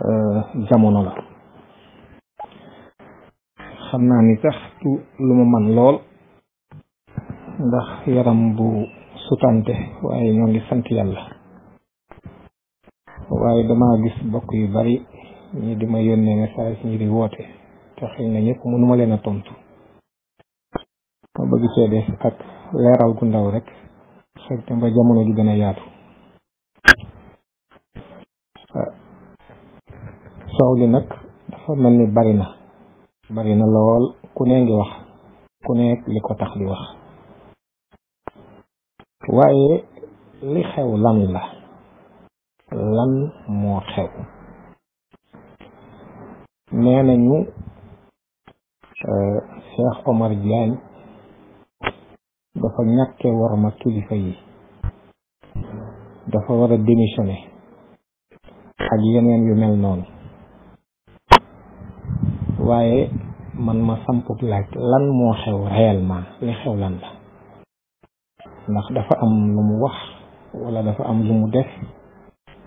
Euh, jamono la xam naa ni sax tu lu ma man lool ndax yaram bu sutante waaye ñoo ngi sant yàlla waaye damaa gis bokk yu bari ñi di ma yónnee message ñi woote te xëy na ñëpp mënuma leen a tontu ma bëgg cee def ak leeral gu ndaw rek fekk ba jamono ju gën a yaatu coow li nag dafa mel ni bari na lool ku ne ngi wax ku nekk li ko tax di wax waaye li xew lan la lan moo xew nee nañu euh, Cheikh Omar Diagne dafa ñàkke war ma kilifa yi dafa war a démissionner ak yeneen yu mel noonu waaye man ma sampub laaj lan moo xew réellement li xew lan la ndax dafa am lu mu wax wala dafa am lu mu def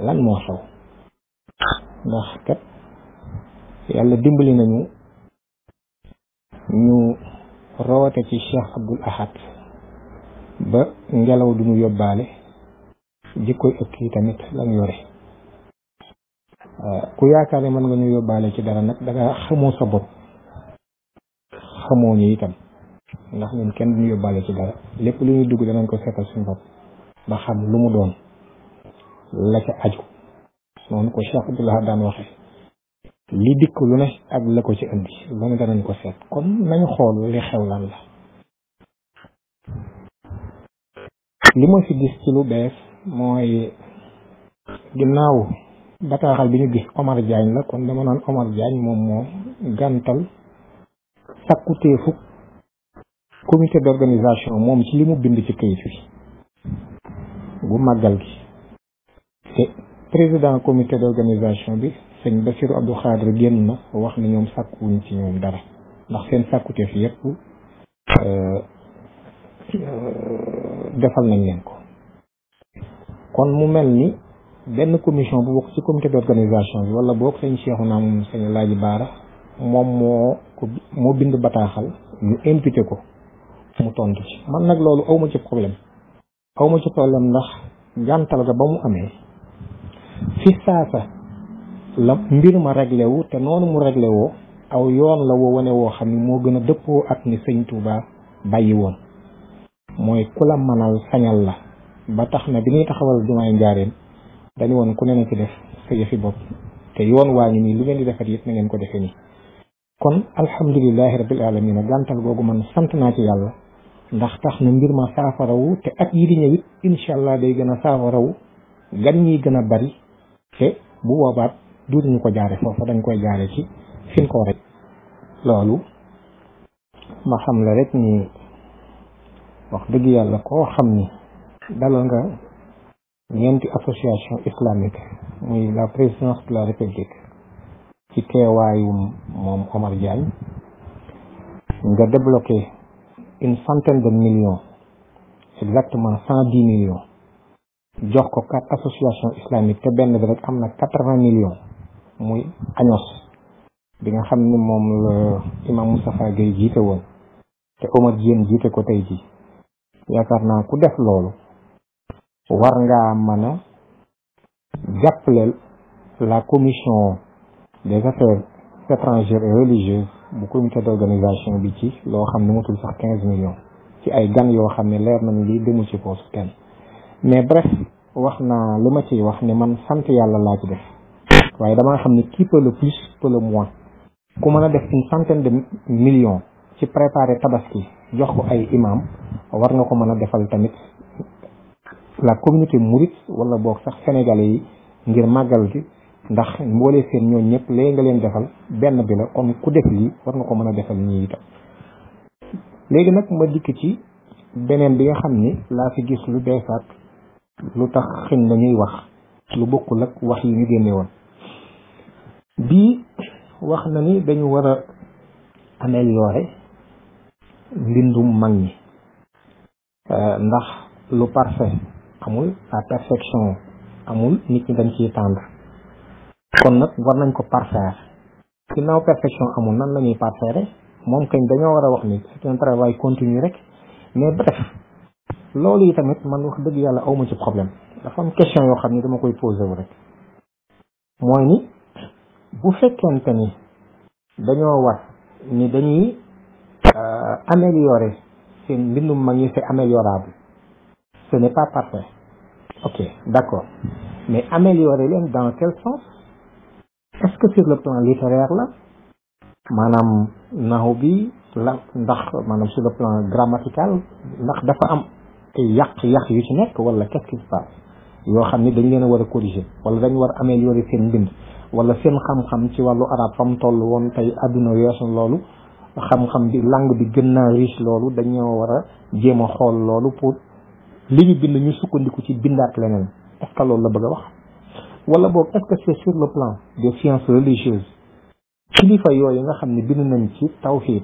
lan moo xew ndax kat yàlla dimbali nañu ñu roote ci Cheikh Abdoul Ahad ba ngelaw du mu yóbbaale jikkoy ëkk yi tamit lañu yore Euh, ku yaakaar ne mën nga ñu yóbbaale ci dara nag da nga xamoo sa bopp xamoo ñu itam ndax ñun kenn duñu yóbbaale ci dara lépp lu ñuy dugg danañ ko seetal suñu bopp ba xam lu mu doon la aju noonu ko Cheikh daan waxee li dikk lu ne ak la ko ci indi lu ne danañ ko seet kon nañ xool li xew lan la li ma fi gis ci lu bees mooy ginnaaw bataaxal bi ñu gis Omar Diagne la kon dama naan Omar Diagne moom moo gàntal sakkuteefu comité d'organisation moom ci li mu bind ci këyit bi bu màggal gi te président comité d'organisation bi sëñ Bassirou Abdou Khadre génn na wax ne ñoom sàkkuwuñ ci ñoom dara ndax seen sàkkuteef yépp euh, defal nañ leen ko kon mu mel ni benn commission bu bokk ci comité d'organisation bi wala boog sëñ Cheikhouna moom sëñ Alaaji Baara moom moo ko moo bind bataaxal ñu imputé ko mu tontu ci man nag loolu awma ci problème awma ci problème ndax gàntal ga ba mu amee fi saasa la mbir ma réglé te noonu mu réglé aw yoon la woo wane woo xam ne moo gën a dëppoo ak ni sëñ Touba bàyyi woon mooy ku la manal sañal la ba tax na bi ñuy taxawal jumaay njaareem dañu woon ku ne na ci def sa yëfi bopp te yoon waa ngi nii lu ngeen di defat yëpp na ngeen ko defee nii kon alhamdulilahi rabil alamina gàntal googu man sant naa ci yàlla ndax tax na mbir ma saafarawu te at yi di ñëw allah day gën a saafarawu gan ñi gën a bari te bu boobaat duutuñu ko jaare foofu dañ koy jaare ci fin koo rek loolu ma xam la rek ni wax dëgg yàlla koo xam ni dalal nga ñeenti association islamique muy la présidence de la république ci teewaayum moom Omar Diagne nga débloqué une centaine de millions exactement cent dix millions jox ko quatre association islamique te benn bi rek am na quatre vingt millions muy años bi nga xam ni moom la imam Moustapha jiite woon te Omar Diagne jiite ko tey ji yaakaar naa ku def loolu war ngaa mën a jàppale la commission des affaires étrangères et bu comité d'organisation bi ci loo xam ne matul sax quinze ci ay gan yoo xam ne leer nañu li demu ci poosu kenn mais bref wax naa li ma ciy wax ne man sant yàlla laa ci def waaye damaa xam ne qui peut le plus peut le moins ku mën a def une centaine de millions ci préparer tabaski jox ko ay imam war nga ko mën a defal tamit la communauté mouride wala boog sax sénégalais yi ngir màggal gi ndax mboolee seen ñoo ñëpp léegi nga leen defal benn bi la kon ku def lii war nga ko mën a defal ñii itam léegi nag ma dikk ci beneen bi nga xam ni laa fi gis lu beesaat lu tax xëñ na ñuy wax lu bokkul ak wax yi ñu génne woon bii wax na ni dañu war a améliorer mbindum mag ñi euh, ndax lu parfait amul à perfection amul nit ñi dañ ciy tendre kon nag war nañ ko parfaire na perfection amul nan la ñuy rek moom kañ dañoo war a wax ni c'est un travail continu rek mais bref loolu yi tamit man wax dëgg yàlla awma ci problème dafa am question yoo xam ni dama koy posé wu rek mooy ni bu fekkente ni dañoo war ni dañuy euh, améliorer seen mbindum mag ñi c'est améliorable ce n'est pas parfait ok d'accord mais améliorer leen dans quel sens est-ce que sur le plan littéraire la maanaam naxu bi la ndax maanaam sur le plan grammatical ndax dafa am ay yàq-yàq yu ci nekk wala qu'est-ce qui se passe yoo xam ni dañ leen a war a corriger wala dañ war a améliorer seen mbind wala seen xam-xam ci wàllu arab fa mu toll woon tey adduna weesu loolu xam-xam bi langue bi gën naa riche loolu dañoo war a jéem a xool loolu pour li ñu bind ñu sukkandiku ci bindaat leneen est ce que loolu la bëgg a wax wala boo est ce que c'est sur le plan des sciences religieuses kilifa yooyu nga xam ne bind nañ ci tawxiid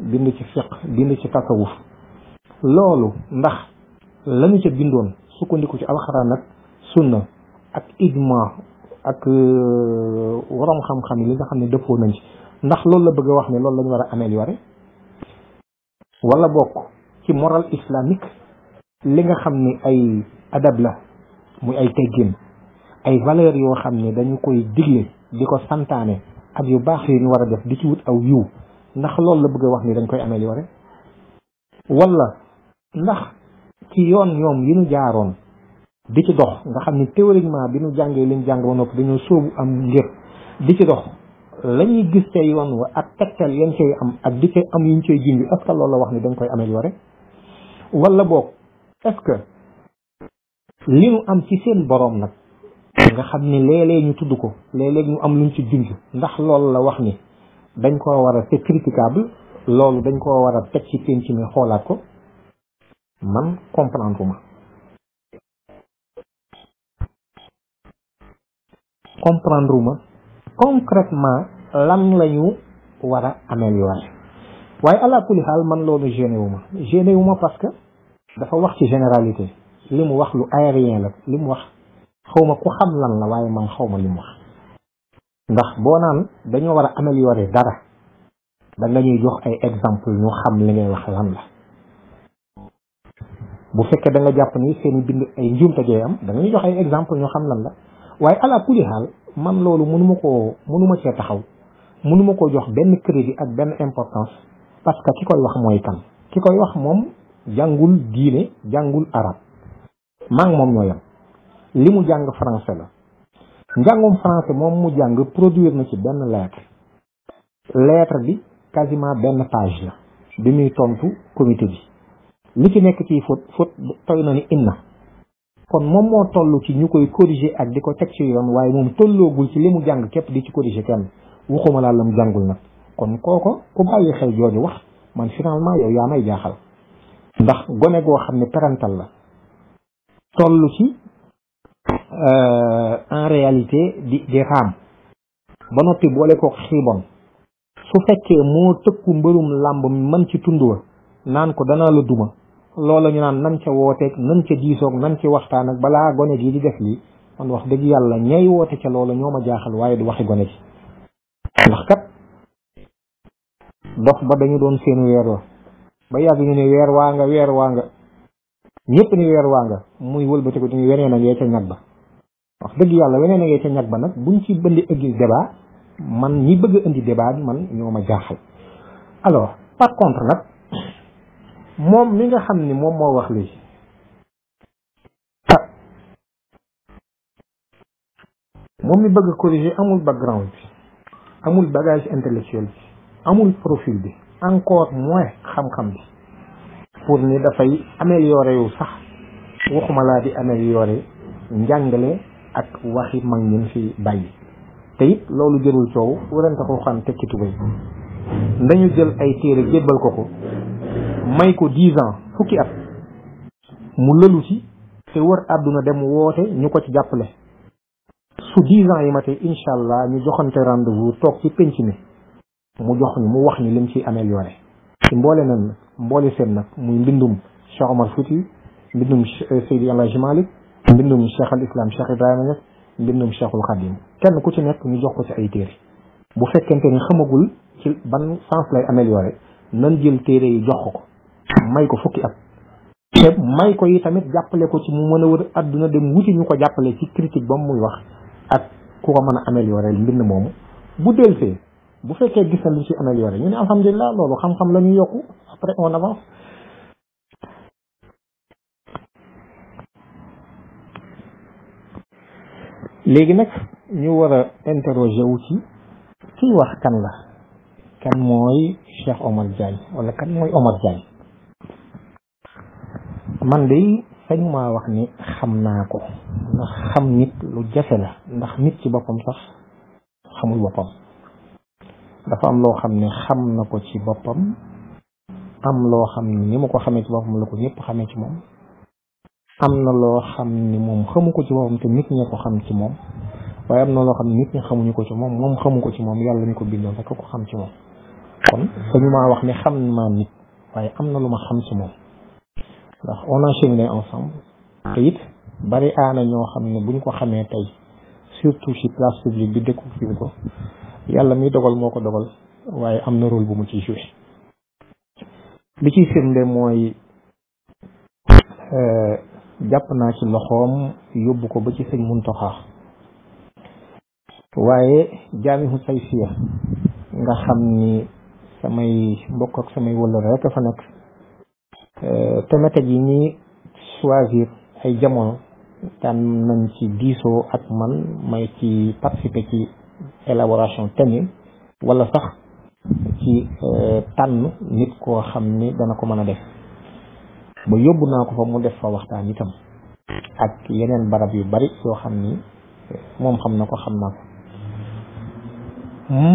bind ci fiq bind ci tasawuf loolu ndax lañu ca bindoon sukkandiku ci alxuraan ak sunna ak ijma ak euh, waroom xam-xam yi nga xam ne dëppoo nañ ci ndax loolu la bëgg a wax ni loolu la ñu war a améliorer wala bokk ci moral islamique li nga xam ni ay adab la muy ay teggin ay valeur yoo xam ni dañu koy digle di ko santaane ak yu baax yu ñu war a def di ci wut aw yiw ndax loolu la bëgg a wax ni dañ koy améliorer wala ndax ci yoon ñoom yi ñu jaaroon di ci nga xam ni théoriquement bi ñu jàngee liñ jàng ba noppi dañoo am di ci dox lañuy gis te yoon wa am ak di am yuñ cay junj est-ce que loolu la wax ni dañ koy améliorer est-ce que li ñu am ci seen boroom nag nga xam ni léeg ñu tudd ko léeg-léeg ñu am luñ ci junj ndax loolu la wax ni dañ koo war a c'est loolu dañ koo war a teg ci penc mi xoolaat ko man comprendre ma ma concrètement lan lañu war a waaye àla xaal man loolu gêné wu ma gêné wu ma parce que dafa wax ci généralité li mu wax lu aérien la li mu wax xawma ku xam lan la waaye man xawma li mu wax ndax boo naan dañoo war a améliorer dara da nga ñuy jox ay exemple ñu xam li ngay wax lan la bu fekkee da nga jàpp ni bind ay njuumte gee am da nga ñuy jox ay la waaye ala xaal man loolu mënuma koo mënuma cee taxaw mënuma koo jox benn crédit ak benn importance parce que ki koy wax mooy kan ki koy wax moom jàngul diine jàngul arab maa ngi moom ñoo yem li mu jàng français la njàngum français moom mu jàng produire na ci benn lettre lettre bi quasiment benn page la bi muy tontu comité bi li ci nekk ci faute faute toy na ni inna kon moom moo toll ci ñu koy corriger ak di ko teg ci yoon waaye moom tolloogul ci li mu jàng képp di ci corriger kenn waxuma laa la mu jàngul nag kon kooko ku bàyyi xel jooju wax man finalement yow yaa may jaaxal ndax gone goo xam ne parental la toll ci euh, en réalité di di raam ba noppi boole ko xiibon su fekkee moo tëkku mbërum làmb man ci tund wa naan ko danaa la duma loola ñu naan nan ca wooteeg nan ca diisoog nan ci waxtaan ak balaa gone gi di def lii man wax dëgg yàlla ñay woote ca loola ñoo ma jaaxal waaye du waxi gone gi ndax kat dox ba dañu doon seen weer wa ba yàgg ñu ne weer waa nga weer waa nga ñëpp ni weer waa nga muy wëlbatiku ñu weneen a ngee ca ñag ba wax dëgg yàlla weneen a ngee ca ñag ba nag buñ ci bëndi indi débat man ñi bëgg a indi débat bi man ñoo ma jaaxal alors par contre nag moom mi nga xam ni moom moo wax lii ah. moom mi bëgg corriger amul background bi amul bagage intellectuel bi amul profil bi encore moins xam-xam bi pour ni dafay améliorer yu sax waxuma laa di améliorer njàngale ak waxi mag ñin ci bàyyi te loolu jërul coow warante ko xam tekki tubay dañu jël ay téere jébbal ko ko may ko dix ans fukki at mu lëlu ci te wër àdduna dem woote ñu ko ci jàppale su dix ans yi ma tey incha allah ñu joxante rendez-vous toog ci penc mi mu jox mu wax ñu lim ci amélioré ci mboole nan mboole seen nag muy mbindum Cheikh Omar Fouti mbindum euh, Seydi El Hadji Malick mbindum Cheikh al Islam Cheikh Ibrahima Niass mbindum Cheikhul Khadim kenn ku ci nekk ñu jox ko ci ay téere bu fekkente ni xamagul ci ban sens lay amélioré nan jël téere yi jox ko ko may ko fukki at te may ko yi tamit jàppale ko ci mu mën a wër àdduna dem wuti ñu ko jàppale ci critique ba muy wax ak ku ko mën a amélioré mbind moomu bu dellusee bu fekkee gis na lu ci amélioré ñu ne alhamdulilah loolu xam-xam la yokku après on avance. léegi nag ñu war a interroger wu ci wax kan la kan mooy Cheikh Omar Diagne wala kan mooy Omar Diagne man de sañu maa wax ni xam naa ko ndax xam nit lu jafe la ndax nit ci boppam sax xamul boppam. dafa am loo xam ne xam na ko ci boppam am loo xam ne ni ma ko xamee ci boppam la ko ñëpp xamee ci moom am na loo xam ni moom xamu ko ci boppam te nit ñee ko xam ci moom waaye am na loo xam ne nit ko ci moom moom xamu ko ci moom yàlla mi ko bindoon rek ko xam ci moom kon sañu maa wax ne xam naa nit waaye am na lu ma xam ci moom ndax on a ensemble te it bari aana ñoo xam ne buñ ko xamee tey surtout ci place publique bi découvrir ko yàlla mi dogal moo ko dogal waaye am na rol bu mu ci joué li ciy firnde mooy euh, jàpp naa ci loxoom yóbbu ko ba ci sëñ Muntaxa waaye jaamihu sayfiya nga xam ni samay mbokk ak samay wëllëre rek fa nekk euh, thématique yi ñuy choisir ay jamono tànn nañ ci diisoo ak man may ci participer ci élaboration tenue wala sax ci euh, tànn nit koo xam ni dana ko mën a def ba yóbbu naa ko fa mu def fa waxtaan itam ak yeneen barab yu bari yoo xam ni moom xam na ko xam naa ko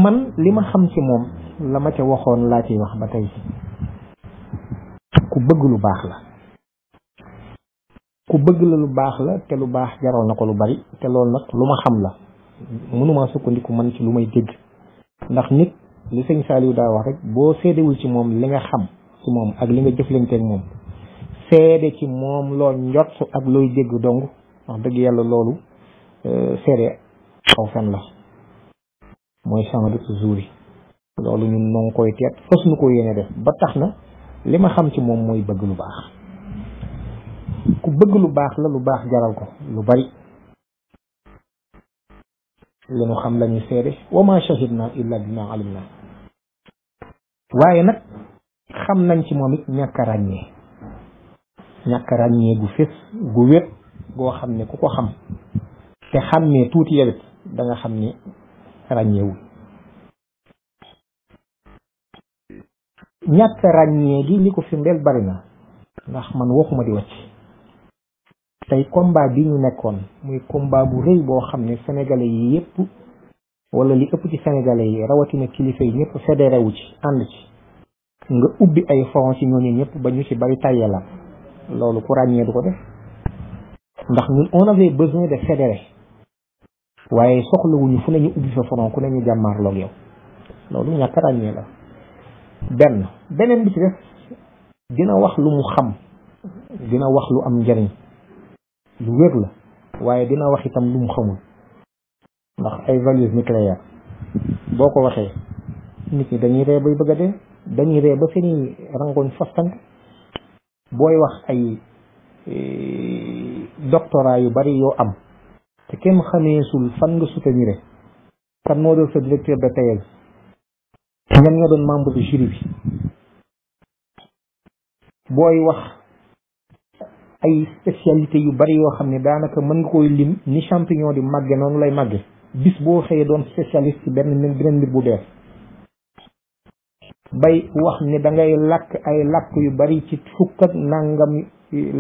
man li ma xam ci moom la ma ca waxoon laa ciy wax ba tey ku bëgg lu baax la ku bëgg la lu baax la te lu baax jaral na ko lu bari te loolu nag lu ma xam la mënumaa sukkandiku man ci lu may dégg ndax nit li sëñ daa wax rek boo seedewul ci moom li nga xam ci moom ak li nga jëflanteeg moom seede ci moom loo njot ak looy dégg dong wax dëgg yàlla loolu euh, seede aw fen la mooy chandatu jour yi loolu ñun noo koy teet fas nu ko yéene def ba tax na li ma xam ci moom mooy bëgg lu baax ku bëgg lu baax la lu baax jaral ko lu bari li nu xam la ñu seede wa ma shahidna illa bima alimna waaye nag xam nañ ci moom it ñàkk a ràññee ñàkk a ràññee gu fés gu wér goo xam ne ku ko xam te xàmmee tuuti yewit da xam ni ràññeewul ñàkk ràññee gi li ko firndeel bari na ndax man waxuma di wàcc tey combat bi ñu nekkoon muy combat bu rëy boo xam ne sénégalais yi yëpp wala li ëpp ci sénégalais yi rawatina kilifa yi ñëpp fédéré wu ci ànd ci nga ubbi ay fonds ci ñooñu ñëpp ba ñu ci bari tayyalaat loolu ku ràññee du ko def ndax ñun on avait besoin de fédérer waaye soxlawuñu fu nañu ubbi fa front ku ne jàmmaarloog yow loolu ñàkk ràññee la benn beneen bi ci def dina wax lu mu xam dina wax lu am njëriñ lu wér la waaye dina wax itam lu mu xamul ndax ay valeurs nucléaires boo ko waxee nit ñi dañuy ree bay bëgg a dañuy ree ba seeni rangoñ fastant booy wax ay e, doctorat yu bari yoo am te kenn xameesul fan nga soutenir kan moo doon sa directeur de thèse ñan ñoo doon membre du jury bi booy wax ay spécialité yu bari yoo xam ne daanaka mën nga koy lim ni champignon di màggee noonu lay màgge bis boo xëyee doon spécialiste ci benn beneen bu bees bay wax ne da làkk ay làkk yu bari ci fukk ak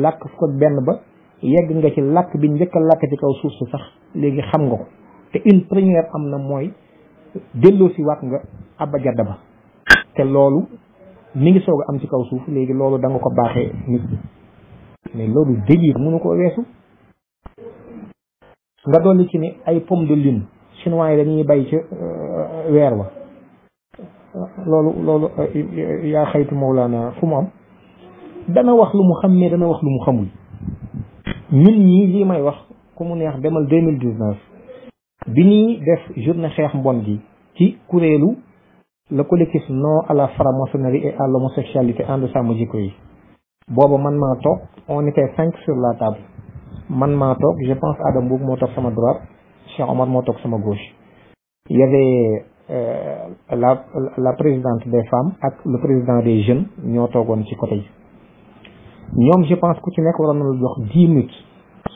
làkk fukk ak benn ba yegg nga ci làkk bi njëkk a làkk ci kaw suuf si sax léegi xam nga ko te une première am na mooy delloo si waat nga abba ba te loolu mu ngi soog am ci kaw suuf léegi loolu danga ko baaxee nit mais loolu délire mënu koo weesu nga dolli ci ni ay pomme de lune chinois yi dañuy bay ci euh, weer wa loolu loolu euh, yaa xaytu Mawlana fu mu am dana wax lu mu xam mais dana wax lu xamul ñun ñii lii may wax ku mu neex demal deux mille bi ñuy def journée xeex mbon gi ci kuréelu le collectif non à la franc-maçonnerie et à l'homosexualité ànd sàmm yi booba man maa toog on était cinq sur la table man maa toog je pense Adam Bouk moo toog sama droite Cheikh Omar moo toog sama gauche il y avait euh, la la présidente des femmes ak le président des jeunes ñoo toogoon ci côté yi ñoom je pense ku ci nekk waroon na lu jox dix minutes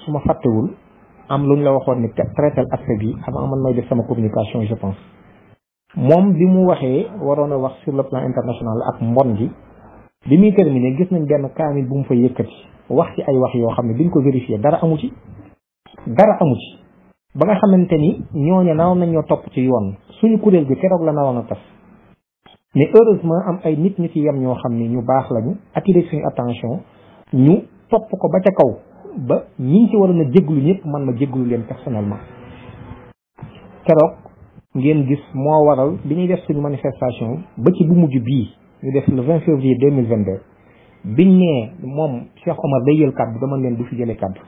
su ma fàttewul am lu ñu la waxoon ni traitel aspect bi avant man may def sama communication je pense moom li mu waxee waroon a wax sur le plan international ak mbon bi bi muy terminé gis nañ benn kaamil bu mu fa yëkkati wax ci ay wax yoo xam ne biñ ko vérifié dara amu ci dara amu ci ba nga xamante ni ñooñu naroon nañoo topp ci yoon suñu kuréel bi keroog la naroon a tas mais heureusement am ay nit ñu ci yem ñoo xam ne ñu baax lañu attiré suñu attention ñu topp ko ba ca kaw ba ñi ci waroon a jéglu ñëpp man ma jéglu leen personnellement keroog ngeen gis moo waral bi ñuy def suñu manifestation ba ci bii ñu def le 20 février 2022 biñ nee moom Cheikh Omar day jël kàddu dama leen du fi jëlee kàddu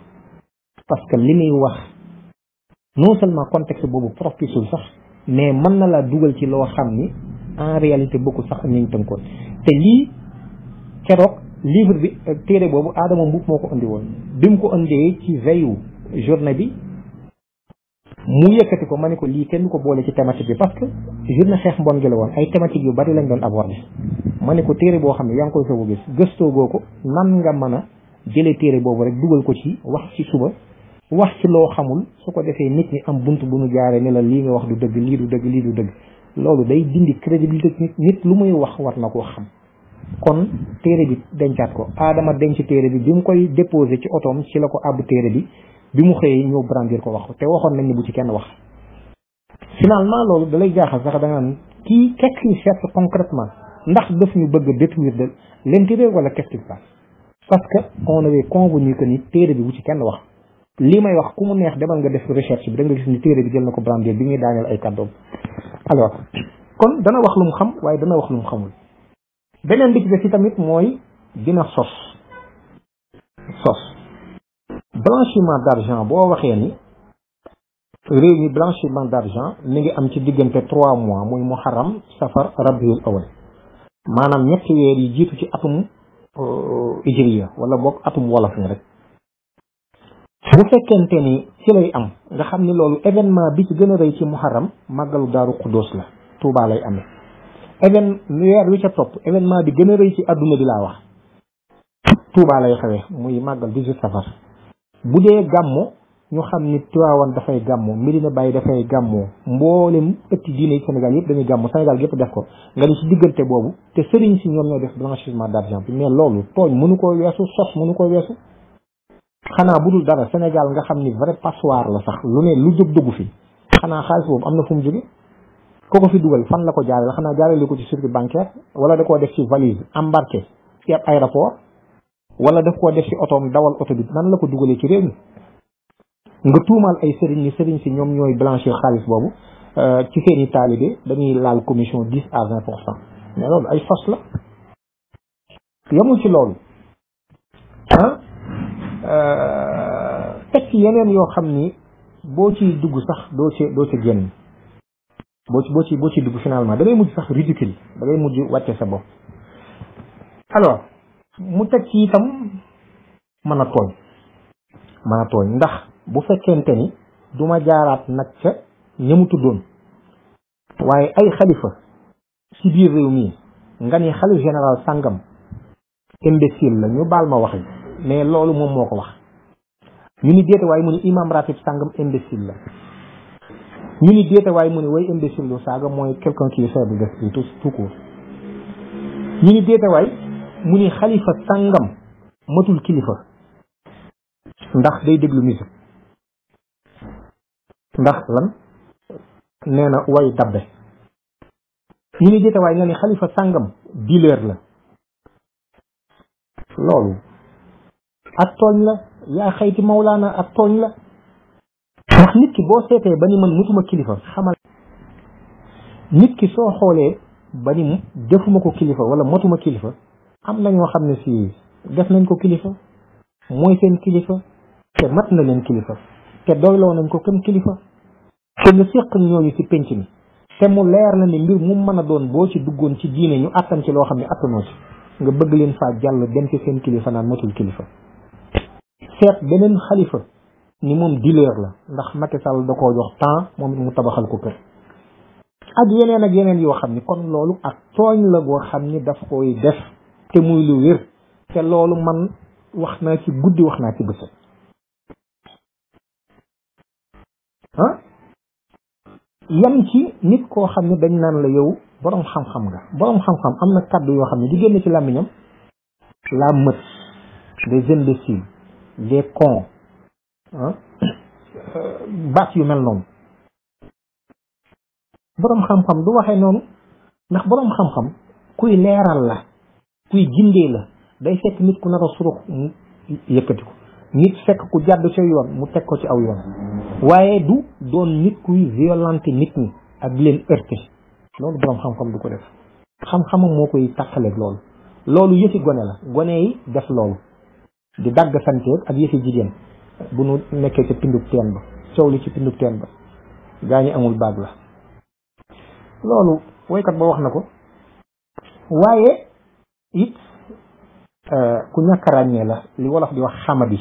parce que li muy wax non seulement contexte boobu propiceul sax mais man na laa dugal ci loo xam ni en réalité bokkul sax am nañ tënkoon te lii keroog livre bi téere boobu Adama Mboup moo ko andi woon bi mu ko andee ci veyu journée bi mu yëkkati ko ma ne ko lii kenn ko boole ci thématique bi parce que journée xeex mbon gi la woon ay thématique yu bari lañ doon abordé ma ne ko téere boo xam ne yaa ngi koy soog a gis gëstoo goo ko nan nga mën a jëlee téere boobu rek dugal ko ci wax ci suba wax ci loo xamul su ko defee nit ñi am bunt bu ñu jaaree ne lii nga wax du dëgg lii du dëgg lii du dëgg loolu day dindi crédibilité nit nit lu muy wax war na koo xam kon téere bi dencaat ko aadama denc téere bi bi koy déposé ci otoom ci la ko àbb téere bi bi mu xëyee ñëw brandir ko wax ko te waxoon nañ ne bu ci kenn wax finalement loolu dalay jaaxal sax da nga naan kii qu'est-ce qu'il concrètement ndax def ñu bëgg a détruire de l'intérieur wala qu'est-ce qui se parce que on avait convenu que ni téere bi bu ci kenn wax li may wax ku mu neex demal nga def recherche bi da nga gis ni téere bi jël na ko brandir bi ñuy daaneel ay kàddoom alors kon dana wax lu xam waaye dana wax lu xamul beneen bi ci des tamit mooy dina sos sos blanchiment d'argent boo waxee ni réew mi blanchiment d'argent mi ngi am ci diggante trois mois muy muharram safar rabiul awal maanaam ñetti weer yi jiitu ci atum euh, hijriya wala boog atum wolof ni rek bu fekkente ni ci lay am nga xam ni loolu événement bi ci gën a rëy ci muharram màggalu daaru xuddoos la Touba lay amee even weer wi ca topp événement bi gën a rëy ci àdduna bi laa wax Touba lay xewee muy màggal 18 safar bu dee gàmmu ñu xam ni Tiwaawan dafay gàmmu Medina Baye dafay gàmmu mboolem ëtti diine yi Sénégal yëpp dañuy gàmmu Sénégal yëpp def ko nga ni ci diggante boobu te sëriñ si ñoom ñoo def blanchiment d'argent bi mais loolu tooñ mënu koo weesu sos mënu ko weesu xanaa bu dul dara Sénégal nga xam ni vrai passoire la sax lu ne lu jóg dugg fi xanaa xaalis boobu am na fu mu jóge ko ko fi dugal fan la ko jaarale xanaa jaarale ko ci circuit bancaire wala da koo def ci valise embarqué ci ab aéroport wala daf koo def ci otoom dawal oto bi nan la ko dugalee ci réew mi nga tuumaal ay sëriñ ni sëriñ si ñoom ñooy blanchir xaalis boobu euh, ci seen i dañuy laal commission dix à vingt pour cent mais ay fas la yamul ci loolu ah euh, teg yeneen yoo xam ni boo ci dugg sax doo ci doo ci génn boo ci boo ci dugg finalement da ngay mujj sax ridicule da mujj wàcce sa bopp alors mu teg ci itam mën a tooñ mën a tooñ ndax bu fekkente ni du ma jaaraat nag ca ñamu tuddoon waaye ay xalifa ci biir réew mi nga ni xalif général sàngam imbécile la ñu baal ma wax yi mais loolu moom moo ko wax ñu ni déete waaye mu ni imam ratib sàngam imbécile la ñu ni déete waaye mu ni way imbécile lu saaga mooy quelqu'un qui est faible d'esprit tout tout ñu ni déete waay mu ni xalifa sàngam matul kilifa ndax day déglu musique ndax lan nee na dabbe ñu ni jëtawaay nga ni xalifa sàngam dealer la loolu ak tooñ la yaa xayti mawlaana ak tooñ la ndax nit ki boo seetee ba ni man mutuma kilifa xamal nit ki soo xoolee ba ni defuma ko kilifa wala matuma kilifa am na ñoo xam ne sii def nañ ko kilifa mooy seen kilifa te mat na leen kilifa te doyloo nañ ko comme kilifa te nga séq ñooñu ci penc mi te mu leer la ne mbir mu mën a doon boo ci duggoon ci diine ñu attan ci loo xam ne attanoo ci nga bëgg leen faa jàll dem ci seen kilifa naan matul kilifa seet beneen xalifa ni moom dileer la ndax Macky Sall da koo jox temps moom it mu tabaxal ko kër ak yeneen ak yeneen yoo xam ni kon loolu ak tooñ la goo xam ne daf koy def te muy lu wér te loolu man wax naa ci guddi wax naa ci bëccëg ah yam ci nit koo xam ne dañ naan la yow boroom xam-xam nga boroom xam-xam am na kàddu yoo xam ne di génn ci làmmiñam la mët des imbéciles des cons baat yu mel noonu boroom xam-xam du waxee noonu ndax boroom xam-xam kuy leeral la kuy gindee la day fekk nit ku nar a surux mu yëkkati ko nit fekk ku jàdd ci yoon mu teg ko ci aw yoon waaye du doon nit kuy violenter nit ñi ak leen heurté loolu boroom xam-xam du ko def xam-xamam moo koy tàqaleeg loolu loolu yëfi gone la gone yi def loolu di dagg santeeg ak yëfi jigéen bu nu nekkee ci pindub teen ba coow li ci pindub teen ba gaa ñi amul baag la loolu woykat ba wax na ko waaye it euh, ku ñàkk ràññee la li wolof di wax xamadi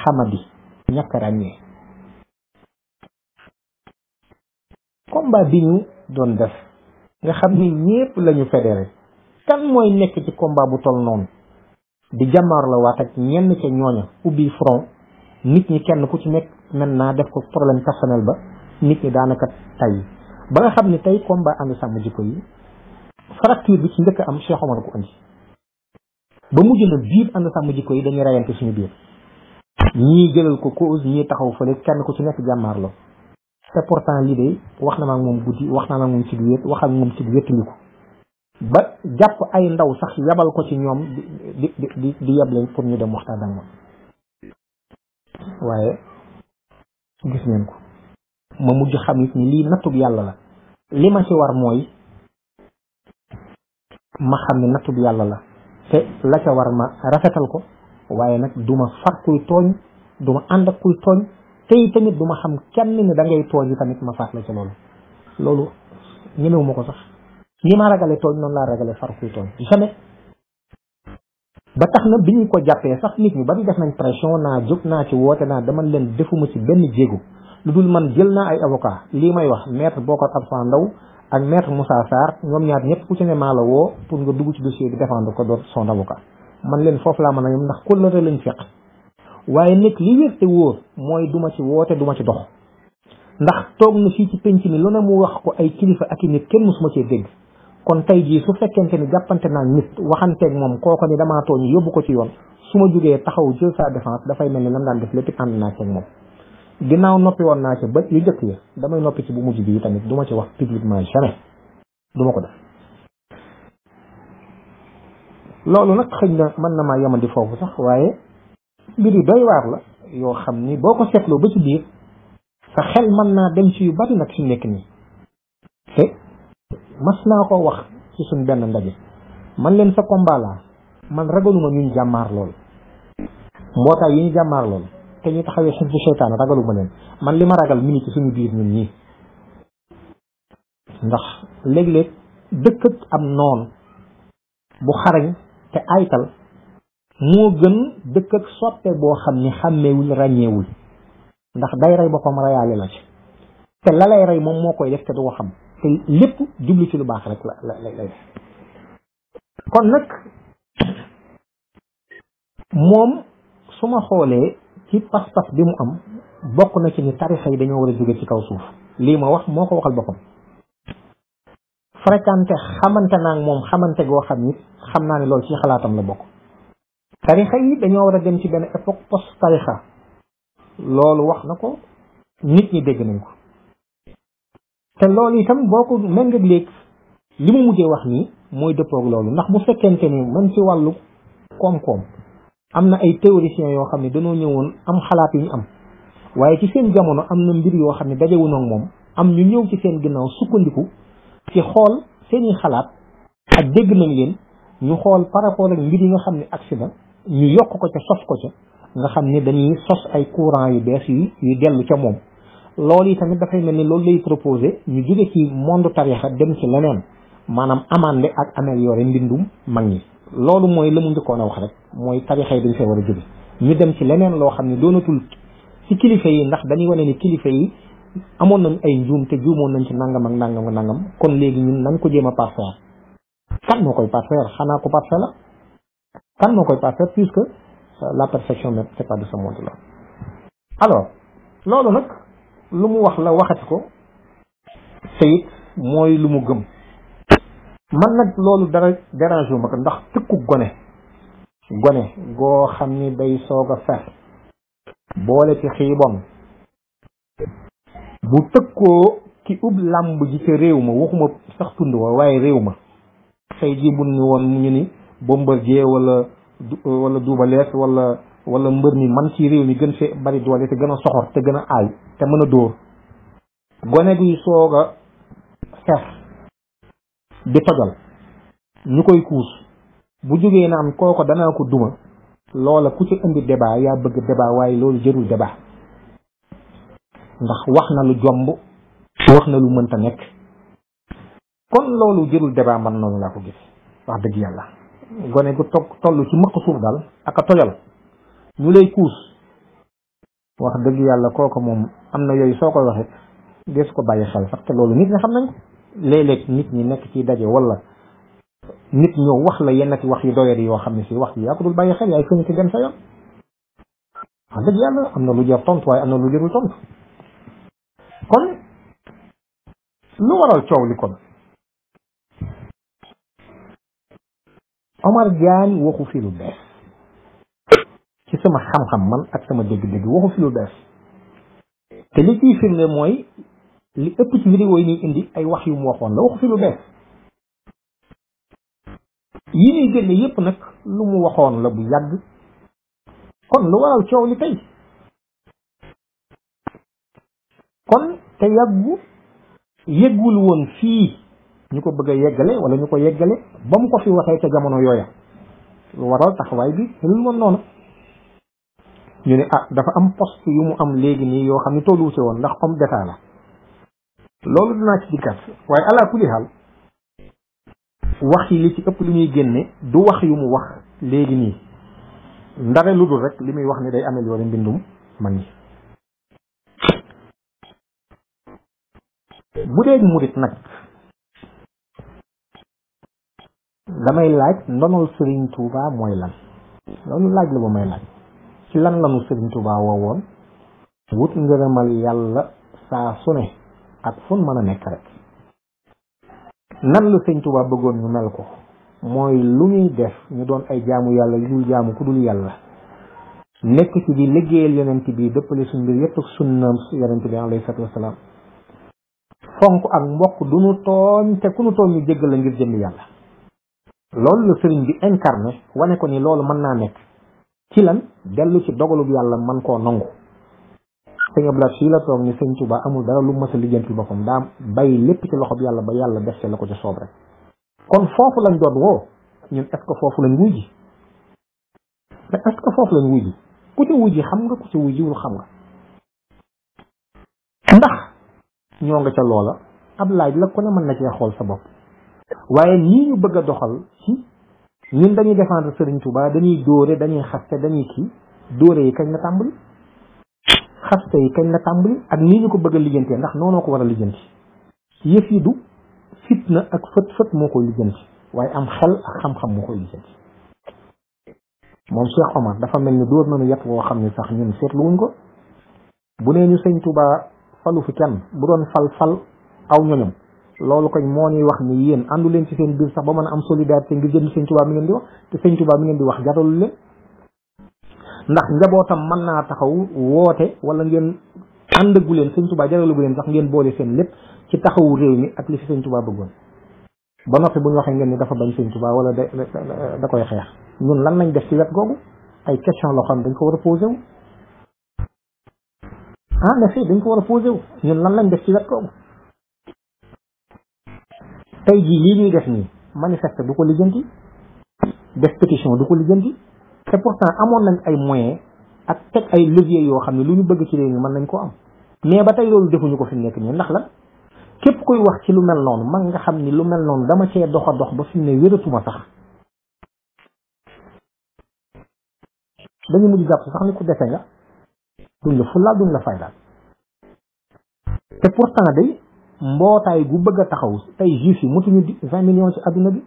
xamadi ku ñàkk ràññee combat bi ñu doon def nga xam ni ñépp lañu fédéré kan mooy nekk ci combat bu tol noonu di jàmmaar la waat ak ñenn ca ñooña ubbi front nit ñi kenn ku ci nekk naa def ko problème personnel ba nit ñi daanaka tay ba nga xam ni tey combat ànd sàmm jikko yi fracture bi ci njëkk am Cheikh Omar ko andi ba mu jëlal biir ànd sàmm jikko yi dañuy rayante suñu biir ñii jëlal ko cause ñii taxaw fële kenn ku ci nekk jàmmaarloo te lii de wax na ma ak moom guddi wax na ma ak moom ci wét wax ak moom ci wéttuliku ba jàpp ay ndaw sax yabal ko ci ñoom di di di di yeble pour ñu dem waxtaan ak moom waaye gis ngeen ko ma mujj xam ni lii nattub yàlla la li ma ci war mooy ma xam ne nattub yàlla la te la ca war ma rafetal ko waaye nag duma ma far kuy tooñ du ma ànd ak kuy tooñ tey tamit du ma xam kenn ni da ngay tooñ yi tamit ma faat la ci loolu loolu ñemewu ma ko sax ñi ma ragale tooñ noonu laa ragale far kuy tooñ jamais ba tax na bi ñu ko jàppee sax nit ñi ba def nañ pression naa jóg naa ci woote naa dama leen defuma ci benn jéego lu dul man jël naa ay avocat lii may wax boo ko Bocar Absa ndaw ak mu Moussa Sarr ñoom ñaar ñëpp ku ci ne maa la woo pour nga dugg ci dossier bi défendre ko doot son avocat man leen foofu laa mën a yem ndax kóllëre lañ feq waaye nag li wér te wóor mooy duma ci woote duma ci dox ndax toog na fii ci penc mi lu ne mu wax ko ay kilifa ak i nit kenn musuma cee dégg kon tey jii su fekkente ni jàppante naa nit waxanteeg moom kooko ni damaa tooñ yóbbu ko ci yoon su ma jógee taxaw jël sa défense dafay mel lan daan def lépp ànd naa moom ginnaaw noppi woon naa ci ba yu njëkk yi damay noppi ci bu mujj bi tamit duma ma ci wax publiquement jamais du ma ko def loolu nag xëy na mën na maa yemandi foofu sax waaye mbir yu doy waar la yoo xam ni boo ko seetloo ba ci biir sa xel mën naa dem ci yu bari nag ci nekk nii te mas naa ko wax ci suñ benn ndaje man leen sa combat man ragaluma ñu jàmmaar lool mbootaay yi ñu jàmmaar lool te ñu taxawee xisbu seytaan ragaluma leen man li ma ragal mi ngi ci suñu biir ñun ndax léeg-léeg dëkkat am noon bu xarañ te aytal moo gën dëkk ak soppe boo xam ni xàmmeewul ràññeewul ndax day rey boppam reyaale la ci te la lay rey moom moo koy def te du ko xam te lépp jublu ci lu baax rek la lay def kon nag moom su ma xoolee ci pas-pas bi mu am bokk na ci ni tarixa yi dañoo war a jóge ci kaw suuf lii ma wax moo ko waxal boppam fréquenté xamante naa moom xamante goo xam ni xam naa ne lool ci xalaatam la bokk tarixa yi dañoo war a dem ci benn époque post tarixa loolu wax na ko nit ñi dégg nañ ko te loolu itam boo ko mën nga léegi li mu mujjee wax nii mooy dëppook loolu ndax bu fekkente ni man ci wàllu koom-koom am na ay théoriciens yoo xam ne dañoo ñëwoon am xalaat yu ñu am waaye ci seen jamono am na mbir yoo xam ne dajewuñu ak moom am ñu ñëw ci seen ginnaaw sukkandiku ci xool seeni xalaat ak dégg nañ leen ñu xool par rapport ak mbir yi nga xam ne na ñu yokk ko ca sos ko ca nga xam ne dañuy sos ay courant yu bees yu yu dellu ca moom loolu yi tamit dafay mel ni loolu lay proposé ñu jóge ci monde tarixa dem ci leneen maanaam amande ak amélioré mbindu mag ñi loolu mooy la mu njëkkoon a wax rek mooy tarixa dañ fee war a jóge ñu dem ci leneen loo xam ne doonatul ci kilifa yi ndax dañuy wane ni kilifa yi amoon nañ ay njuum te juumoon nañ ci nangam ak nangam ak nangam kon léegi ñu nañ ko jéem a parfaire kan moo koy parfaire xanaa ko parfaire la kan moo koy parfaire puisque la perfection même c'est pas de ce monde là alors loolu nag lu mu wax la waxati ko te mooy lu mu gëm man nag loolu dara dérange wu ndax tëkku gone gone goo xam ni day soog a fer boole ci xiibon bu tëkkoo ki ub làmb ji ca réew ma waxuma sax tund waaye réew ma xëy ji bun ni woon ñu ni Bombardier wala wala Double walla wala wala mbër mi man ci réew mi gën fee bari doole te gën a soxor te gën a aay te mën a dóor gone guy soog a di tojal ñu koy kuus bu jógee naan kooko danaa ko duma loola ku ci indi débat yaa bëgg débat waaye loolu jërul débat ndax wax na lu jomb wax na lu mënta nekk kon loolu jërul débat man noonu laa ko gis wax dëgg yàlla gone gu togg toll ci mëq suuf daal ak tojal ñu lay kuus wax dëgg yàlla kooku moom am na yooyu soo koy waxee des ko bàyyi xel sax te loolu nit ñi xam nañ léeg nit ñi nekk ci daje wala nit ñoo wax la yenn ci wax yu doyadi yoo xam ne si wax yi yaa ko dul bàyyi xel yaay fëñ ci dem sa yoon am na lu jar tontu waaye am na lu jarul tontu kon lu waral coow li kon Omar Diagne waxu fi lu bees ci sama xam-xam man ak sama dégg-dégg waxu fi lu bees te li ciy firnde mooy li ëpp ci vidéo yi ñuy indi ay wax yu mu waxoon la waxu fi lu bees yi ñuy génne yépp nag lu mu waxoon la bu yàgg kon lu waral coow li tey kon te yàggu yëggul woon fii ñu ko bëgg a yeggale ñu ko yeggale ba mu ko fi waxee ca jamono yooya lu waral taxawaay bi lu woon noonu ñu ne ah dafa am poste yu mu am léegi nii yoo xam ne tolluwu woon ndax homme d'État la loolu dinaa ci dikkaat waaye ala xaal wax yi li ci ëpp li muy génne du wax yu mu wax léegi nii ndare lu rek li muy wax ni day amélioré mbindum mag ñi bu dee murit nag damay laaj ndonol Serigne Touba mooy lan loolu laaj la ba may laaj ci lan lanu Serigne Touba woowoon wut ngërëmal yàlla saa su ne ak fun mën a nekk rek nan la sëñ Tuubaa bëggoon ñu mel ko mooy lu ñuy def ñu doon ay jaamu yàlla yu dul jaamu ku dul yàlla nekk ci di liggéeyal yonent bi dëppale suñ mbir yépp ak sunnaam yonent bi alayhi salaatu wasalaam fonk ak mbokk du nu tooñ te ku nu tooñ ñu jéggal la ngir jënd yàlla loolu la sëriñ bi incarné wane ko ni loolu mën naa nekk ci lan dellu ci dogalub yàlla man koo nangu sëñ Abdoulaye fii la toog ni sëñ Touba amul dara lu mas a lijjantil boppam daa bàyyi lépp ci loxob yàlla ba yàlla def ci la ko ca soob rek kon foofu lañ doon woo ñun est-ce que foofu lañ wuy ji mais est-ce que foofu lañ wuy ji ku ci wuy ji xam nga ku ci wuy jiwul xam nga ndax ñoo nga ca loola ab laaj la ku ne mën na cee xool sa bopp waaye nii ñu bëgg a doxal ci ñun dañuy défendre Serigne Touba dañuy dóore dañuy xaste dañuy kii dóore yi kañ la tàmbali xaste yi kañ la tàmbali ak nii ñu ko bëgg a lijjantee ndax noonoo ko war a lijjanti yëf yi du fitna ak fët fët moo koy lijjanti waaye am xel ak xam-xam moo koy lijjanti moom Cheikh Omar dafa mel ni dóor nañu xam ne sax ñun seetluwuñ ko bu nee ñu sëñ Tuubaa falu fi kenn bu doon fal fal aw ñoñom loolu koñ moo ñuy wax ni yéen àndu leen ci seen biir sax ba mën a am solidarité ngir jënd sëñ Tuubaa mi ngeen di wax te sëñ Tuubaa mi ngeen di wax jaralu leen ndax tam mën naa taxaw woote wala ngeen àndagu leen sëñ tubaa jaralagu leen sax ngeen boole seen lépp ci taxawu réew mi ak li fi sëñ tubaa bëggoon ba noppi bu ñu ngeen ni dafa bañ sëñ tubaa wala da da koy xeex ñun lan lañ def ci wet googu ay question loo xam dañ ko war a posé wu en ah, effet dañ ko war a posé wu ñun lan lañ def ci wet googu tey jii lii ñuy def nii manifeste du ko lijjanti def pétition du ko lijjanti te pourtant amoon nañ ay moyens ak teg ay levier yoo xam ne lu ñu bëgg ci réew mi mën nañ ko am mais ba tey loolu defuñu ko fi nekk nii ndax la képp koy wax ci lu mel noonu man nga xam ni lu mel noonu dama cee dox dox ba fi mu ne wératuma sax dañu mujj jàpp sax ni ku dese nga duñ la fullaal duñ la faydaal te pourtant day mbootaay gu bëgg a taxaw tey juif yi motuñu di vingt millions ci adduna bi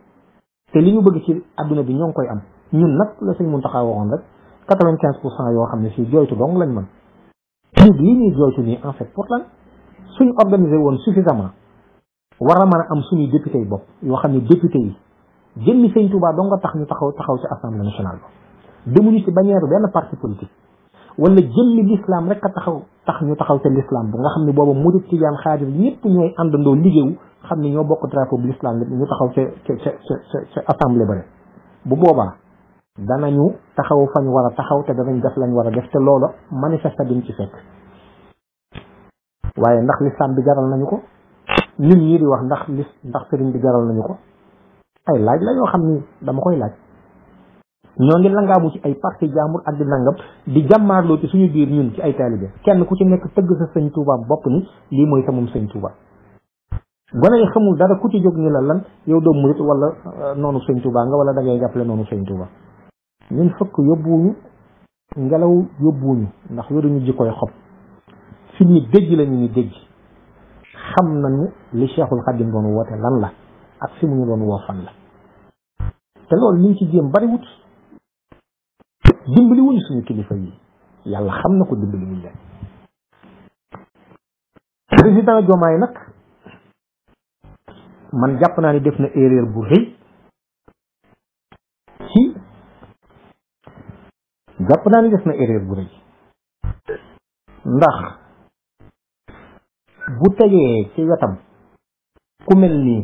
te li ñu bëgg ci adduna bi ñoo ngi koy am ñun nag la mun taxaw waxoon rek quatre-vingt-quinze pour cent yoo xam ne si jooytu dong lañ mën nit yi ñuy jooytu nii en fait pour lan suñu organisé woon suffisamment war a mën a am suñuy député yi bopp yoo xam ne député yi jëmmi sëñ Touba dong nga tax ñu taxaw taxaw ci assemblée nationale ba demuñu ci bannière benn parti politique wala jëmmi l'islam rek a taxaw tax ñu taxaw te l'islam bu nga xam ne booba murid tijaan xaadir ñëpp ñooy àndandoo liggéeyu xam ne ñoo bokk drapeau bu l'islam ñu taxaw ca ca ca ca assemblée bare bu boobaa danañu taxaw fañ war taxaw te danañ def lañ war a def te loola manifeste duñ ci fekk waaye ndax lislaam bi jaral nañu ko ñun ñii wax ndax lis ndax sëriñ bi jaral nañu ko ay laaj la yoo xam ni dama koy laaj ñoo ngi langaamu ci ay parti jaamur ak di nangam di jàmmaarloo ci suñu biir ñun ci ay taalibe kenn ku ci nekk tëgg sa sëñ Tuuba bopp ni lii mooy samum sëñ Tuuba gone yi xamul dara ku ci jóg ni la lan yow doo murit wala euh, noonu sëñ Tuuba nga wala da ngay jàppale noonu sëñ Tuuba ñun fëkk yóbbuwuñu ngelaw yóbbuwuñu ndax yoruñu jikkoy xob fi ni dégg lañu ni dégg xam nañu li Cheikhul Khadim doon woote lan la ak fi mu ñu doon woo la te loolu liñ ci jéem bariwut dimbali suñu kilifa yi yàlla xam na ko dimbali leen président Diomaye nag man jàpp naa ni def na erreur bu rëy jàpp naa ni na erreur bu rëy ndax bu tegee ci wetam ku mel nii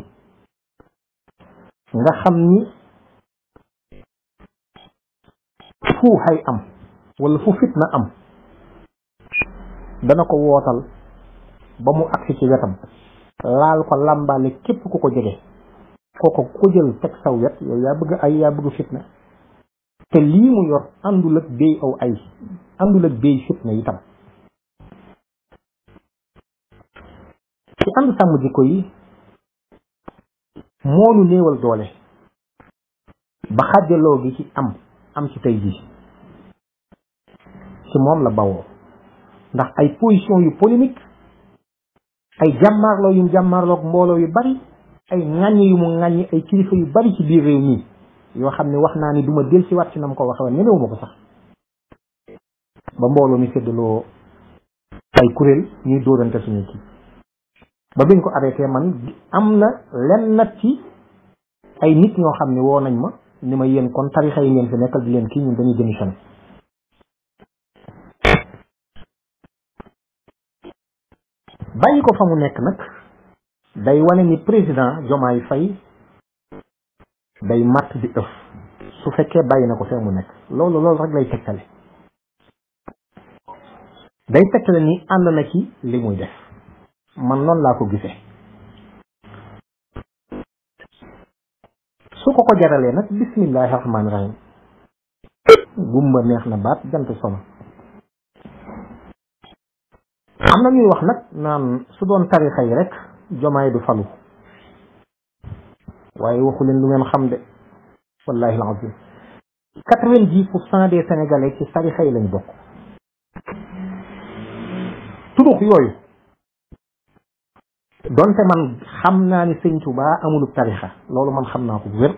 nga xam ni fu am wala fu fitna am dana ko wootal ba mu agsi ci wetam laal ko làmbaale képp ku ko jege kooku ku jël teg saw wet yaa bëgg ay yaa bëgg fitna te lii mu yor àndul ak béy aw ay àndul ak béy fitna itam ci ànd sàmm jikko yi moonu néewal doole ba xàjjaloo gi ci am am ci tey jii ci moom la bawoo ndax ay position yu polémique ay jàmmaarloo yu jàmmaarloog mbooloo yu bari ay ŋàññ yu mu ŋàññ ay kilifa yu bari ci biir réew mi yoo xam ne wax naa ni du ma del si waat si na ma ko waxe woon ñemewu ma ko sax ba mbooloo mi séddaloo ay kuréel ñuy dóorante suñu kii ba biñ ko arrêté man am na lenn nag ci ay nit ñoo xam ne woo nañ ma ni ma yéen kon tarixa yi leen nekkal di leen kii ñu dañuy démissionné bàyyi ko fa mu nekk nag day wane ni président Diomaye Faye day matt di ëf su fekkee bàyyi na ko fee mu nekk loolu loolu rek lay tegtale day tegtale ni ànd na ci li muy def man noonu laa ko gisee su ko ko jaralee nag bismillahi rahmaani rahim gumba neex na baat jant sono am na ñuy wax nag naan su doon tarixa yi rek jomaay du falu waaye waxu leen lu ngeen xam de wallahi alazim quatre vingt ci tarixa yi lañ bokk turux yooyu donte man xam naa ni sëñ Tuubaa amulub tarixa loolu man xam naa ko bu wér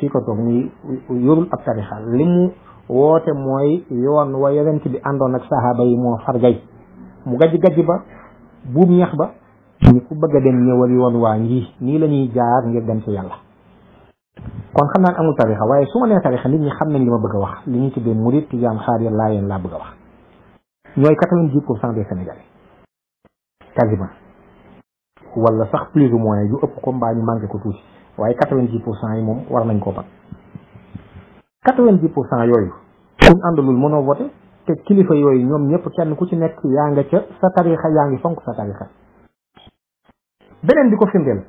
fii ko toog muy yorul ab tarixa li mu woote mooy yoon wa yonent bi àndoon ak sahaaba yi moo far mu gajj gajj ba buum ñax ba ni ku bëgg a dem ñëwal yoon waa ngi nii lañuy jaar ngir dem ci yàlla kon xam naa amul tarixa waaye su ma nee tarixa nit ñi xam nañ li ma bëgg a wax li ñuy tuddee murit tijaan xaadir laayeen laa bëgg a wax ñooy quatre-vingt-dix pour cent des sénégalais quasiment wala sax plus ou moins yu ëpp ko mbaa ñu manqué ko tuuti waaye quatre-vingt-dix pour cent yi moom war nañ koo pat quatre-vingt-dix pour cent yooyu suñ àndalul mënoo voté te kilifa yooyu ñoom ñëpp kenn ku ci nekk yaa nga ca yaa ngi fonk sa beneen bi ko firndeel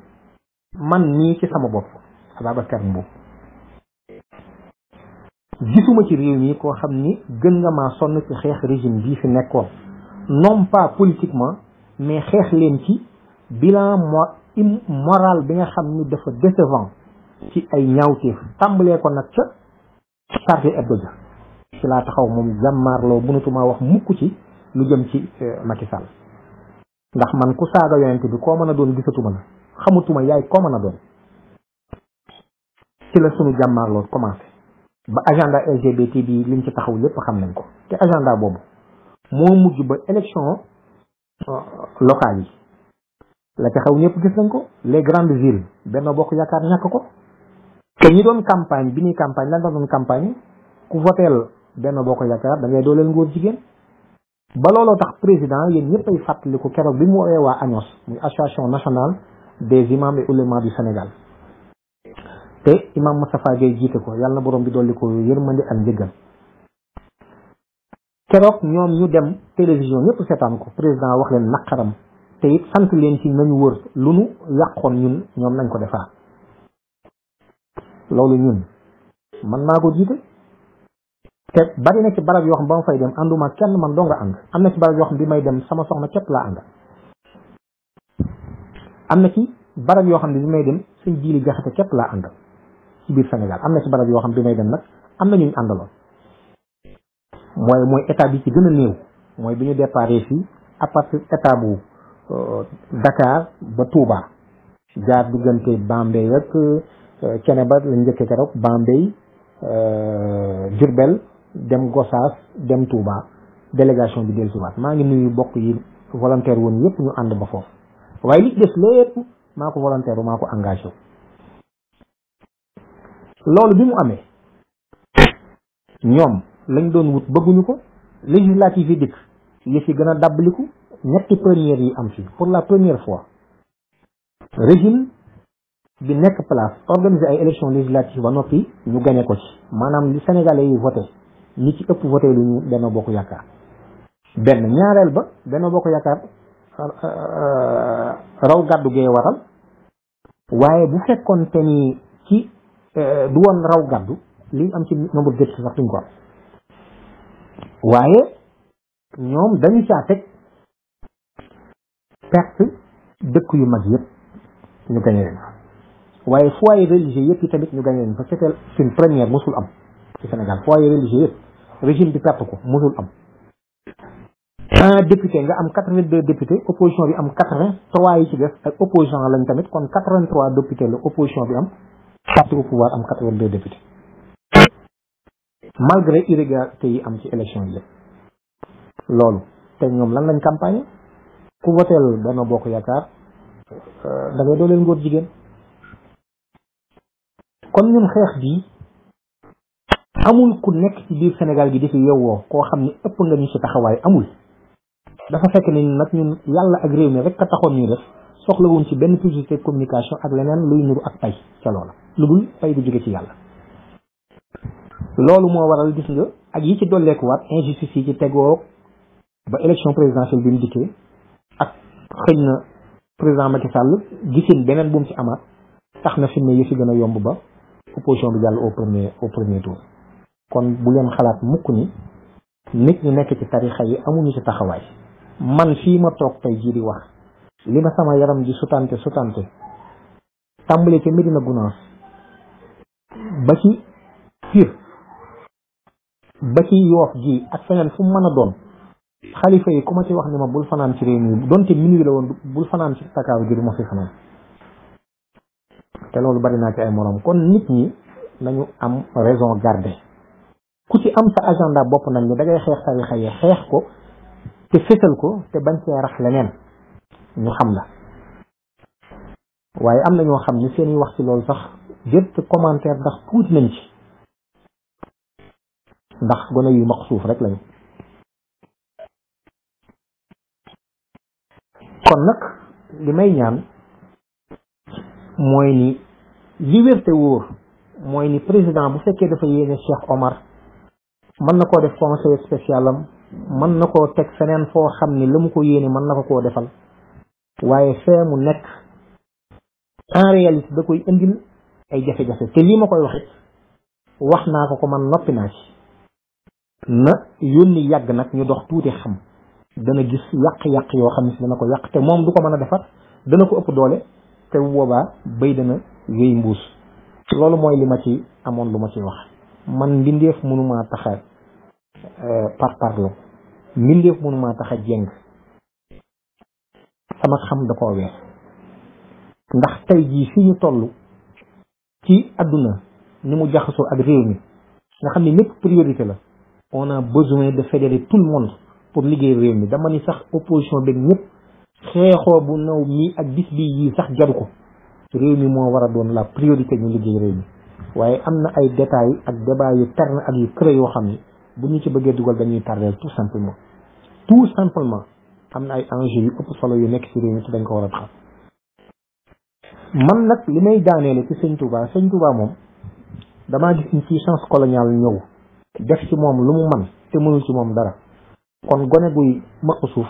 man nii ci sama bopp Ababacar Mbow gisuma ci réew koo xam ni gën nga ma sonn ci xeex régime bii fi nekkoon non pas politiquement mais xeex leen ci bilan mo bi nga xam ni dafa décevant ci ay ñaawteef tàmbalee ko nag ca Charlie Hebdo ja ci laa taxaw moom jàmmaarloo mënatumaa wax mukk ci lu jëm ci euh, Macky ndax man ku saaga yonent bi koo mën a doon gisatuma la xamutuma yaay koo mën a doon ci la sunu jàmmaarloo commencé ba agenda LGBT bi liñ ci taxaw lépp xam nañ ko te agenda boobu moo mujj ba élection euh, locale yi la ca xaw ñëpp gis nañ ko les grandes villes benn bokk yaakaar ñàkk ko te ñi doon campagne bi ñuy campagne la la doon campagne ku voteel benn bokk yaakaar da ngay dooleel ngóor jigéen ba looloo tax président yéen ñëpp ay fàttaliku keroog bi mu woowee waa ANOS muy association nationale des imams et oulémas du Sénégal te imam Moustapha Gueye jiite ko yàlla na borom bi dolli ko yërmande ak njëggal keroog ñoom ñu dem télévision ñëpp seetaan ko président wax leen naqaram te it sant leen ci nañu wër lu nu yàqoon ñun ñoom nañ ko defar loolu ñun man maa ko jiite te bari na ci barab yoo xam ba ma fay dem ànduma kenn man doo nga ànd am na ci barab yoo xam bi may dem sama soxna képp laa ànd am na ci barab yoo xam ne bi may dem sëñ jiili jaxate képp laa àndal ci biir Sénégal am na ci barab yoo xam bi may dem nag am na ñuñ àndaloon mooy mooy état bi ci gën a néew mooy bi ñu déparé fii à partir état bu euh, Dakar ba Touba jaar diggante Bambey ak Ceneba euh, lañ njëkkee keroog Bambey euh, Diourbel dem Gosaas dem Touba délégation bi dellusiwaat maa ngi nuyu bokk yi volontaire woon yëpp ñu ànd ba foofu waaye li des lépp maa ko volontaire ba maa ko loolu bi mu amee ñoom lañ doon wut bëgguñu ko législative yi dikk yëf yi gën a dàbbaliku ñetti première yi am fii pour la première fois régime bi nekk place organiser ay élection législative ba noppi ñu gañe ko ci maanaam li yi voté ñi ci ëpp voté lu ñu Benno Bokk Yaakaar benn ñaareel ba Benno Bokk Yaakaar euh, raw gàddu gee waral waaye bu fekkoon te ni ci euh, du woon raw gàddu li am ci nombre de sax duñ ko am waaye ñoom dañu caa teg perte dëkk yu mag yëpp ñu gañe leen waaye foyer religieux yëpp yi tamit ñu gañe leen fa c'était une première mosul am ci Sénégal foyer religieux yëpp régime bi perte ko mësul am un député nga am quatre vingt deux députés opposition bi am quatre vingt trois yi ci def ak opposition lañ tamit kon quatre vingt trois députés la opposition bi am parti au pouvoir am quatre vingt deux députés malgré irrégularité am ci élection yi yëpp loolu te ñoom lan lañ campagne ku voteel Benno Bokk Yaakaar euh, da ngay dooleel ngóor jigéen kon ñun xeex bii amul ku nekk ci biir Sénégal gi di fi koo xam ne ëpp nga ñu ci taxawaay amul dafa fekk ne nag ñun yàlla ak réew mi rek ka taxoon ñuy def soxlawuñ ci benn publicité communication ak leneen luy nuru ak pay ca loola lu dul pay du jóge ci yàlla loolu moo waral gis nga ak yi ci dolleekuwaat injustice yi ci tegoo ba élection présidentielle bi mu dikkee ak xëy na président Macky gisin beneen bu mu ci amaat tax na fi mu ne gën a yomb ba opposition bi jàll au premier au premier tour kon bu leen xalaat mukk ni nit ñi nekk ci tarixa yi amuñu ci taxawaay man fii ma toog tey jii di wax li ma sama yaram di sutante sutante tàmbale ca Medina Gunaas ba ci Pire ba ci Yoof gi ak feneen fu mu mën a doon xalifa yi ku ma ci wax ni ma bul fanaan ci réew mi donte minuit la woon bul fanaan ci Dakar gi du ma fi fanaan te loolu bari naa ci ay moroom kon nit ñi nañu am raison garder ku ci am sa agenda bopp nag ni da ngay xeex tarixa yi xeex ko te fësal ko te bañ cee rax leneen ñu xam la waaye am na ñoo xam ni seeni wax ci loolu sax jot commentaire ndax tuuti nañ ci ndax gone yu maq suuf rek lañu kon nag li may ñaan mooy ni liberté wóor mooy ni président bu fekkee dafa yéene Cheikh Omar mën na ko def conseil spécial am mën na koo teg feneen foo xam ni la mu ko yéene man na ko koo defal waaye fee mu nekk en réalité da koy indil ay jafe-jafe te lii ma koy waxit wax naa ko ko man noppi naa ci na yónni yàgg nag ñu dox tuuti xam dana gis yàq-yàq yoo xam ne si dana ko yàq te moom du ko mën a defar dana ko ëpp doole te boobaa béy dana wéy mbuus loolu mooy li ma ci amoon lu ma ciy wax man mbindeef mënumaa taxa Euh, par parlo mbindeef mënu maa tax a jéng sama xam da koo wees ndax tey jii fi ñu toll ci àdduna ni mu jaxasoo ak réew mi nga xam ne ñëpp priorité la on a besoin de fédérer tout le monde pour liggéey réew mi dama ni sax opposition beeg ñëpp xeexoo bu naw mii ak bis bii yii sax jaru ko réew mi moo war a doon la priorité ñu liggéey réew mi waaye am na ay détails ak débat yu terne ak yu creux yoo xam ni bu ñu ci bëggee dugal dañuy tardeel tout simplement tout simplement am na ay enjeux yu ëpp solo yu nekk ci réew mi te dañ ko war a xam man nag li may daaneele ci sëñ Touba sëñ Touba moom damaa gis ni puissance coloniale ñëw def ci moom lu mu man te mënul ci moom dara kon gone guy mëq suuf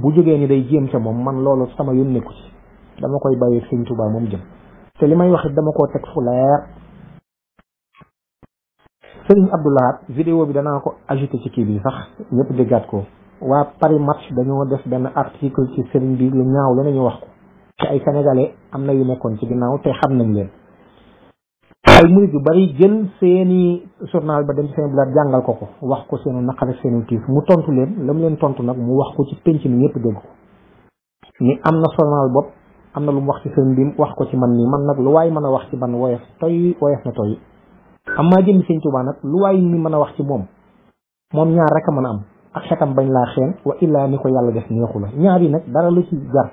bu jógee ni day jéem ca moom man loolu sama yoon nekku ci dama koy bàyyi sëñ Touba moom jëm te li may wax dama ko teg fu leer Serigne Abdoulahat vidéo bi danaa ko ajouté ci kii bi sax ñëpp déggaat ko waa Paris Match dañoo def benn article ci sëriñ bi ñaaw la nañu wax ko te ay sénégalais am na yu nekkoon ci ginnaaw te xam nañ leen ay yu bari jël seeni journal ba dem seen ko ko wax ko seenu naqare seenu mu tontu leen la leen tontu nag mu wax ko ci penc mi ñëpp dégg ko ni am na journal bopp am na lu mu wax ci sëriñ bi wax ko ci man nii man nag lu waaye man a wax ci ban woyof toy woyof na toy amaa jëmmi sëñ Tuubaa nag lu waay ñi mën a wax ci moom moom ñaar rek a mën a am ak xetam bañ laa xeen wa illaa ni ko yàlla def neexu la ñaar yi nag dara lu ci jar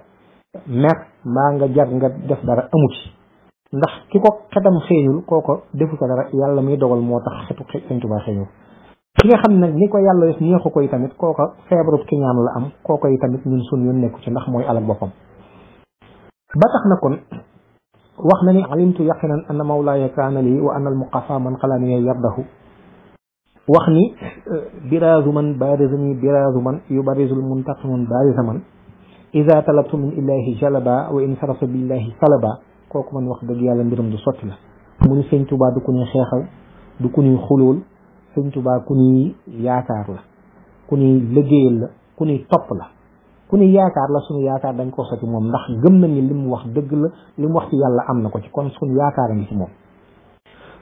mer mbaa nga jar nga def dara amu ci ndax ki ko xetam xeeñul kooko defu ko dara yàlla muy dogal moo tax xetu sëñ Tuubaa xeeñul ki nga xam ne ni ko yàlla def neexu ko yi tamit kooko feebarub ki ñaan la am kooko yi tamit ñun sun yoon nekku ci ndax mooy alal boppam ba tax na kon wax na ni alimtu yaqinan anna mawlaaya kaana lii wa anna almuqafa man qalamiya yardahu wax ni eh, biraazu man baarizani biraazu man yubarizul muntaqimun baariza man ida talabtu min illahi jalaba wa in saraftu billahi salaba kooku man wax dëgg yàlla mbiram du sotti la mu ni sëñ tubaa du ku ñuy xeexal du ku ñuy xulool sëñ tubaa ku ñuy yaakaar la la ku ni yaakaar la suñu yaakaar dañ ko soti moom ndax gëm na ni mu wax dëgg la li mu wax ci yàlla am na ko ci kon suñu yaakaar a ngi ci moom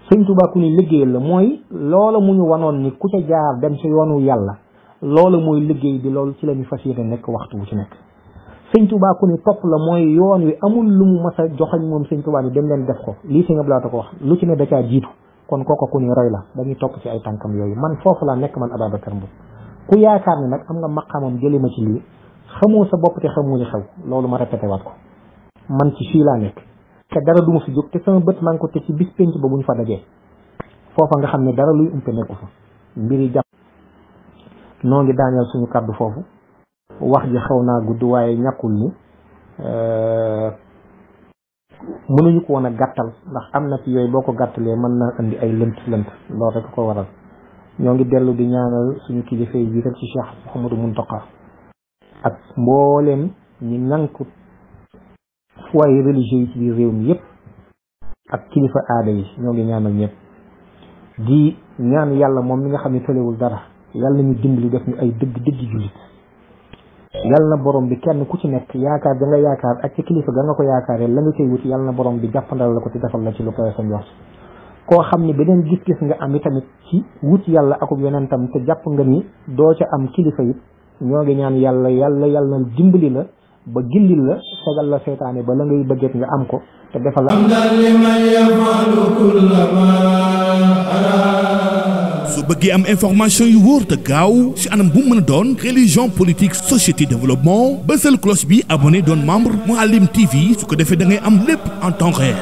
sëñ Tuubaa ku ni liggéeyal la mooy loola mu ñu wanoon ni ku jaar dem ci yoonu yàlla loola mooy liggéey bi loolu ci la ñu fas yéene nekk waxtu wu ci nekk sëñ Tuubaa ku ni topp la mooy yoon wi amul lu mu mas a joxañ moom sëñ Tuubaa ni dem leen def ko lii sëñ Abdoulaye ko wax lu ci ne da caa kon kooka ku ni roy la dañuy topp ci ay tànkam yooyu man foofu laa nekk man Ababacar Mboup ku yaakaar ni nag am nga maqaamam jëlee ci lii xamoo sa bopp te xamoo li xew loolu ma répété waat ko man ci fii laa nekk te dara du ma fi jóg te sama bët maa ko teg ci bis penc ba bu ñu fa dajee foofa nga xam ne dara luy umpe nekku fa mbiri jàpp noo ngi daaneel suñu kàddu foofu wax ji xaw naa gudd waaye ñàkkul ni euh, mënuñu ko woon a gàttal ndax am na ci yooyu boo ko gàttalee mën naa indi ay lënt lënt loolu rek ko waral ñoo ngi dellu di ñaanal suñu kilifa yi rek ci Cheikh Mouhamadou Mountakha ak mbooleem ñi nank foyer religieux yi ci biir réew mi yépp ak kilifa aada yi ñoo ngi ñaanal ñëpp di ñaan yàlla moom mi nga xam ne tëlewul dara yàlla ñu dimbali def ñu ay dëgg dëgg jullit yàlla na borom bi kenn ku ci nekk yaakaar da yaakaar ak ci kilifa ga nga ko yaakaaree la nga koy wuti yàlla na borom bi jàppandal la ko ci defal la ci lu koy sa njort koo xam ne beneen gis-gis nga am i tamit ci wut yàlla akum yonentam te jàpp nga ni doo ca am kilifa it ñoo ngi ñaan yàlla yàlla yàlla na dimbali la ba gindil la fegal la seetaane ba la ngay bëggeet nga am ko te defal la su bëggee am information yu wóor te gaaw si anam bu mën a doon religion politique société développement bësal cloche bi abonné doon membre mu Mouhalim TV su ko defee da ngay am lépp en temps réel